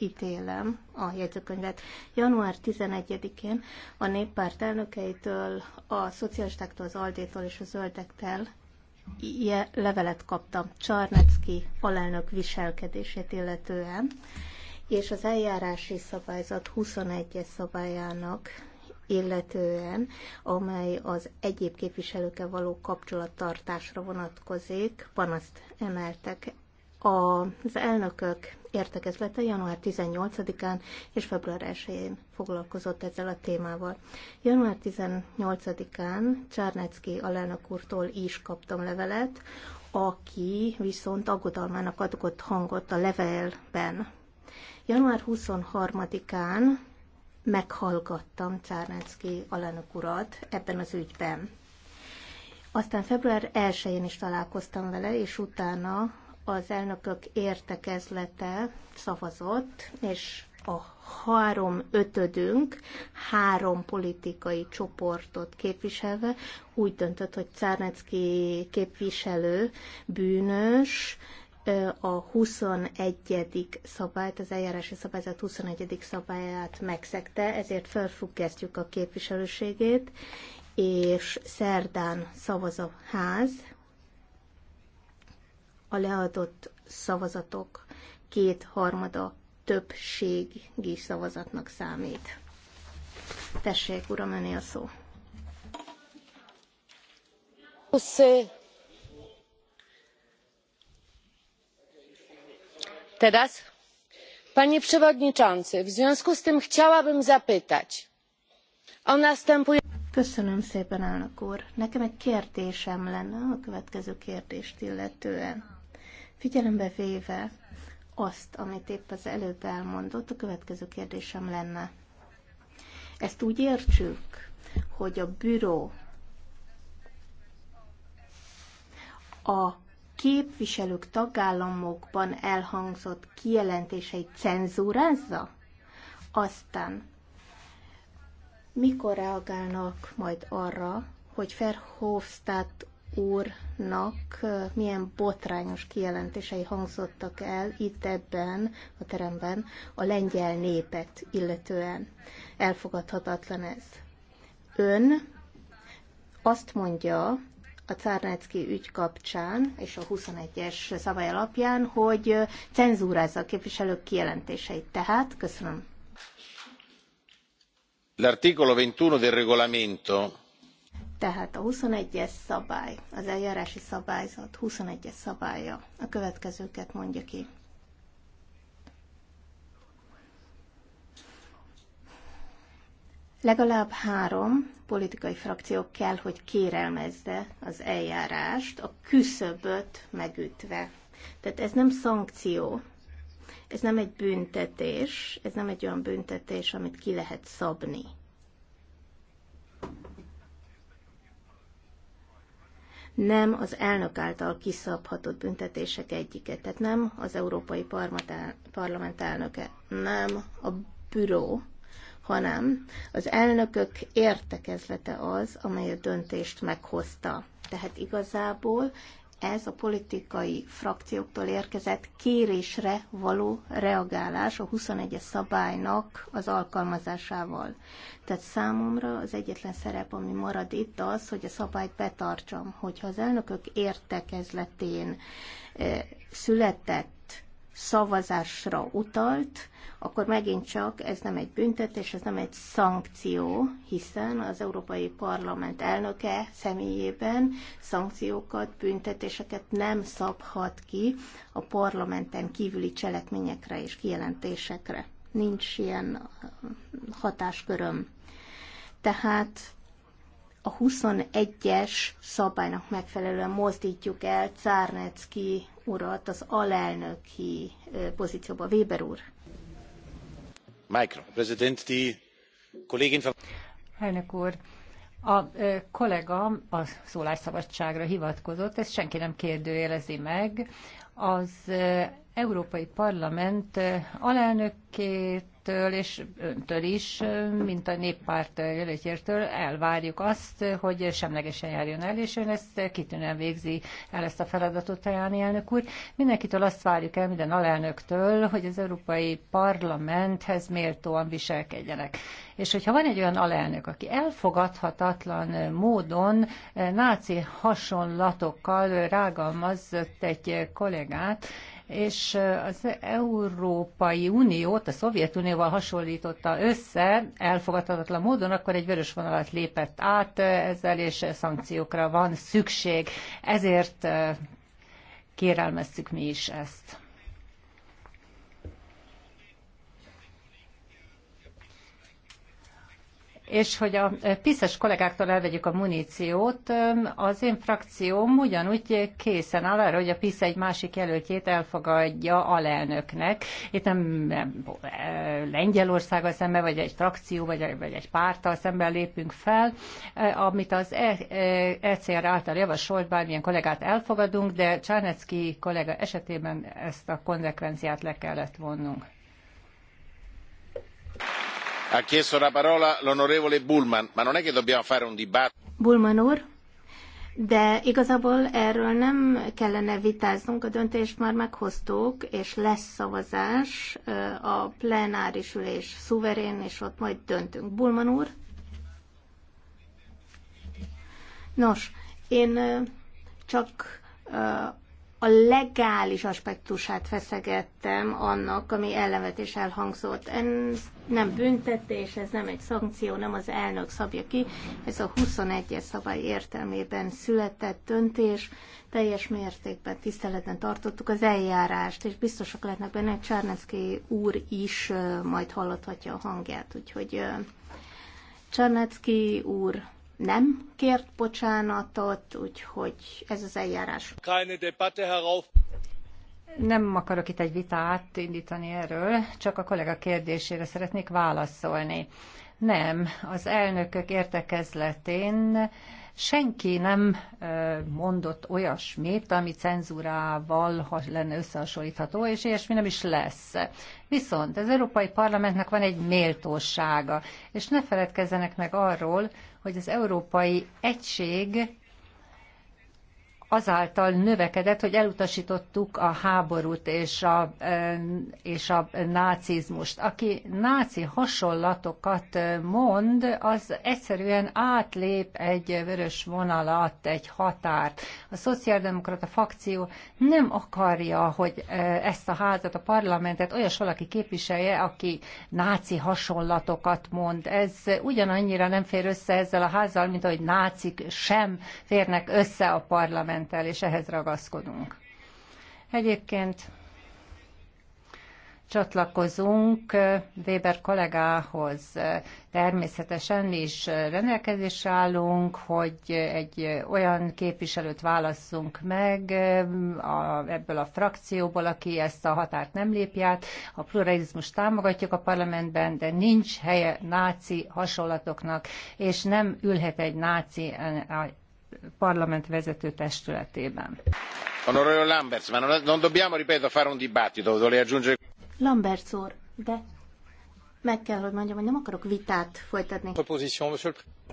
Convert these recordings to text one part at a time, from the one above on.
ítélem a jegyzőkönyvet. Január 11-én a néppárt elnökeitől, a szocialistáktól, az Aldétól és a Zöldektől ilyen levelet kaptam Csarnecki alelnök viselkedését illetően, és az eljárási szabályzat 21-es szabályának illetően, amely az egyéb képviselőkkel való kapcsolattartásra vonatkozik, panaszt emeltek. Az elnökök értekezlete január 18-án és február 1-én foglalkozott ezzel a témával. Január 18-án Csárnecki alelnök úrtól is kaptam levelet, aki viszont aggodalmának adott hangot a levelben. Január 23-án meghallgattam Csárnecki alelnök urat ebben az ügyben. Aztán február 1-én is találkoztam vele, és utána az elnökök értekezlete szavazott, és a három ötödünk, három politikai csoportot képviselve úgy döntött, hogy Czárnecki képviselő bűnös, a 21. szabályt, az eljárási szabályzat 21. szabályát megszegte, ezért felfüggesztjük a képviselőségét, és szerdán szavaz a ház, a leadott szavazatok kétharmada többségi szavazatnak számít. Tessék, uram, öné a szó. Teraz? Panie przewodniczący, w związku z tym chciałabym zapytać o następuje... Köszönöm szépen, elnök úr. Nekem egy kérdésem lenne a következő kérdést illetően Figyelembe véve azt, amit épp az előbb elmondott, a következő kérdésem lenne. Ezt úgy értsük, hogy a büro a képviselők tagállamokban elhangzott kijelentései cenzúrázza? Aztán mikor reagálnak majd arra, hogy Verhofstadt úrnak milyen botrányos kijelentései hangzottak el itt ebben a teremben a lengyel népet illetően. Elfogadhatatlan ez. Ön azt mondja a Cárnecki ügy kapcsán és a 21-es szabály alapján, hogy cenzúrázza a képviselők kijelentéseit. Tehát köszönöm. L'articolo 21 del regolamento tehát a 21-es szabály, az eljárási szabályzat 21-es szabálya a következőket mondja ki. Legalább három politikai frakció kell, hogy kérelmezze az eljárást, a küszöböt megütve. Tehát ez nem szankció, ez nem egy büntetés, ez nem egy olyan büntetés, amit ki lehet szabni nem az elnök által kiszabhatott büntetések egyike, tehát nem az Európai Parlament elnöke, nem a büró, hanem az elnökök értekezlete az, amely a döntést meghozta. Tehát igazából ez a politikai frakcióktól érkezett kérésre való reagálás a 21-es szabálynak az alkalmazásával. Tehát számomra az egyetlen szerep, ami marad itt, az, hogy a szabályt betartsam. Hogyha az elnökök értekezletén eh, született szavazásra utalt, akkor megint csak ez nem egy büntetés, ez nem egy szankció, hiszen az Európai Parlament elnöke személyében szankciókat, büntetéseket nem szabhat ki a parlamenten kívüli cselekményekre és kijelentésekre. Nincs ilyen hatásköröm. Tehát a 21-es szabálynak megfelelően mozdítjuk el Czárnecki urat az alelnöki pozícióba. Weber úr. Mikro, prezident, die kollégin... Elnök úr, a kollega a szólásszabadságra hivatkozott, ezt senki nem kérdőjelezi meg. Az Európai Parlament alelnökét részétől és öntől is, mint a néppárt jelöltjértől elvárjuk azt, hogy semlegesen járjon el, és ön ezt kitűnően végzi el ezt a feladatot, Tajáni elnök úr. Mindenkitől azt várjuk el, minden alelnöktől, hogy az Európai Parlamenthez méltóan viselkedjenek. És hogyha van egy olyan alelnök, aki elfogadhatatlan módon eh, náci hasonlatokkal rágalmazott egy kollégát, és az Európai Uniót a Szovjetunióval hasonlította össze elfogadhatatlan módon, akkor egy vörös vonalat lépett át ezzel, és szankciókra van szükség. Ezért kérelmeztük mi is ezt. és hogy a piszes kollégáktól elvegyük a muníciót, az én frakcióm ugyanúgy készen áll arra, hogy a PISZ egy másik jelöltjét elfogadja alelnöknek. Itt nem a szemben, vagy egy frakció, vagy, vagy egy párttal szemben lépünk fel, amit az ECR e által javasolt bármilyen kollégát elfogadunk, de Csárnecki kollega esetében ezt a konzekvenciát le kellett vonnunk bullmann úr, de igazából erről nem kellene vitáznunk, a döntést már meghoztuk, és lesz szavazás a plenáris ülés szuverén, és ott majd döntünk. bullmann úr? Nos, én csak a legális aspektusát feszegettem annak, ami ellenvetés elhangzott. Ez nem büntetés, ez nem egy szankció, nem az elnök szabja ki. Ez a 21-es szabály értelmében született döntés. Teljes mértékben tiszteletben tartottuk az eljárást, és biztosak lehetnek benne, hogy Csárnecki úr is majd hallathatja a hangját. Úgyhogy Csárnecki úr, nem kért bocsánatot, úgyhogy ez az eljárás. Nem akarok itt egy vitát indítani erről, csak a kollega kérdésére szeretnék válaszolni. Nem, az elnökök értekezletén senki nem mondott olyasmit, ami cenzúrával lenne összehasonlítható, és ilyesmi nem is lesz. Viszont az Európai Parlamentnek van egy méltósága, és ne feledkezzenek meg arról, hogy az Európai Egység azáltal növekedett, hogy elutasítottuk a háborút és a, és a nácizmust. Aki náci hasonlatokat mond, az egyszerűen átlép egy vörös vonalat, egy határt. A szociáldemokrata fakció nem akarja, hogy ezt a házat, a parlamentet olyas valaki képviselje, aki náci hasonlatokat mond. Ez ugyanannyira nem fér össze ezzel a házzal, mint ahogy nácik sem férnek össze a parlament szentel, és ehhez ragaszkodunk. Egyébként csatlakozunk Weber kollégához. Természetesen mi is rendelkezésre állunk, hogy egy olyan képviselőt válasszunk meg a, ebből a frakcióból, aki ezt a határt nem lépj át. A pluralizmus támogatjuk a parlamentben, de nincs helye náci hasonlatoknak, és nem ülhet egy náci parlament vezető testületében. Lamberts úr, de meg kell, hogy mondjam, hogy nem akarok vitát folytatni.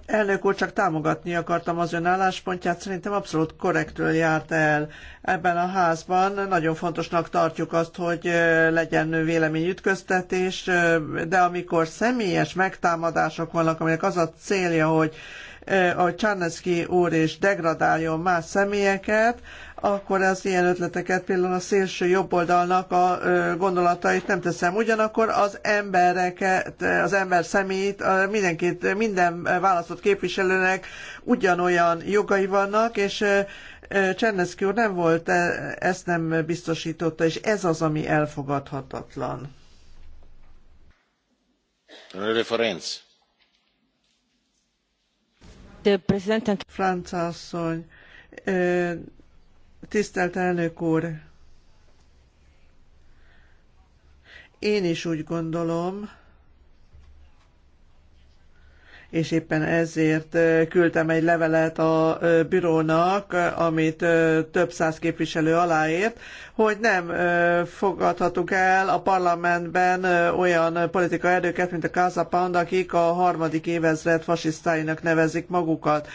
Elnök úr, csak támogatni akartam az ön álláspontját, szerintem abszolút korrektül járt el. Ebben a házban nagyon fontosnak tartjuk azt, hogy legyen véleményütköztetés, de amikor személyes megtámadások vannak, aminek az a célja, hogy a Csárneszki úr is degradáljon más személyeket, akkor az ilyen ötleteket például a szélső jobboldalnak a gondolatait nem teszem. Ugyanakkor az embereket, az ember személyét, mindenkit, minden választott képviselőnek ugyanolyan jogai vannak, és Cserneszki úr nem volt, e, ezt nem biztosította, és ez az, ami elfogadhatatlan. Referenc. Franca asszony, tisztelt elnök úr, én is úgy gondolom, és éppen ezért küldtem egy levelet a bürónak, amit több száz képviselő aláért, hogy nem fogadhatunk el a parlamentben olyan politikai erőket, mint a Casa Pound, akik a harmadik évezred fasisztáinak nevezik magukat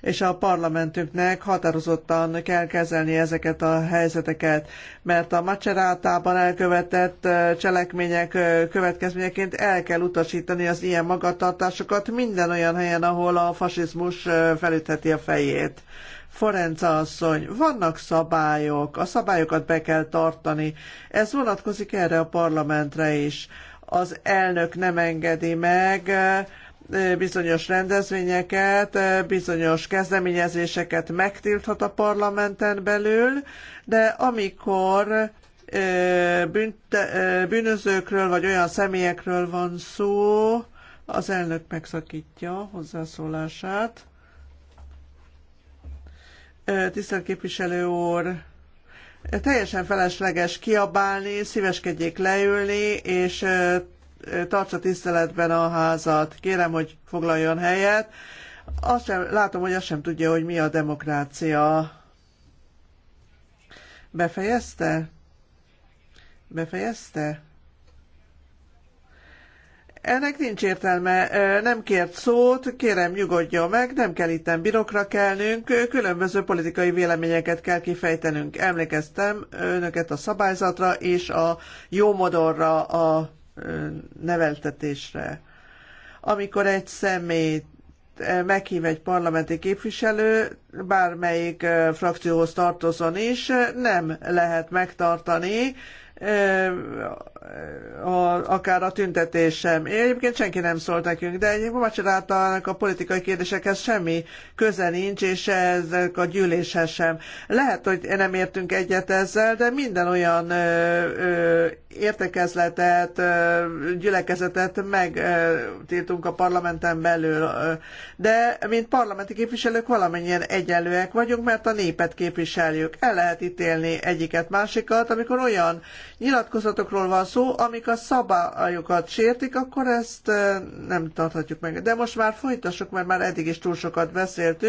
és a parlamentünknek határozottan kell kezelni ezeket a helyzeteket, mert a macerátában elkövetett cselekmények következményeként el kell utasítani az ilyen magatartásokat minden minden olyan helyen, ahol a fasizmus felütheti a fejét. Forenca asszony, vannak szabályok, a szabályokat be kell tartani. Ez vonatkozik erre a parlamentre is. Az elnök nem engedi meg bizonyos rendezvényeket, bizonyos kezdeményezéseket megtilthat a parlamenten belül, de amikor bűnözőkről vagy olyan személyekről van szó, az elnök megszakítja hozzászólását. Tisztelt képviselő úr, teljesen felesleges kiabálni, szíveskedjék leülni, és tartsa tiszteletben a házat. Kérem, hogy foglaljon helyet. Azt sem, látom, hogy azt sem tudja, hogy mi a demokrácia. Befejezte? Befejezte? Ennek nincs értelme, nem kért szót, kérem nyugodjon meg, nem kell itten birokra kelnünk, különböző politikai véleményeket kell kifejtenünk. Emlékeztem önöket a szabályzatra és a jómodorra, a neveltetésre. Amikor egy személyt meghív egy parlamenti képviselő, bármelyik frakcióhoz tartozon is, nem lehet megtartani a, akár a tüntetés sem. Egyébként senki nem szólt nekünk, de egyébként vacsorátalának a politikai kérdésekhez semmi köze nincs, és ezek a gyűléshez sem. Lehet, hogy nem értünk egyet ezzel, de minden olyan ö, ö, értekezletet, ö, gyülekezetet megtiltunk a parlamenten belül. De mint parlamenti képviselők valamennyien egyenlőek vagyunk, mert a népet képviseljük. El lehet ítélni egyiket másikat, amikor olyan nyilatkozatokról van szó, amik a szabályokat sértik, akkor ezt eh, nem tarthatjuk meg. De most már folytassuk, mert már eddig is túl sokat beszéltünk.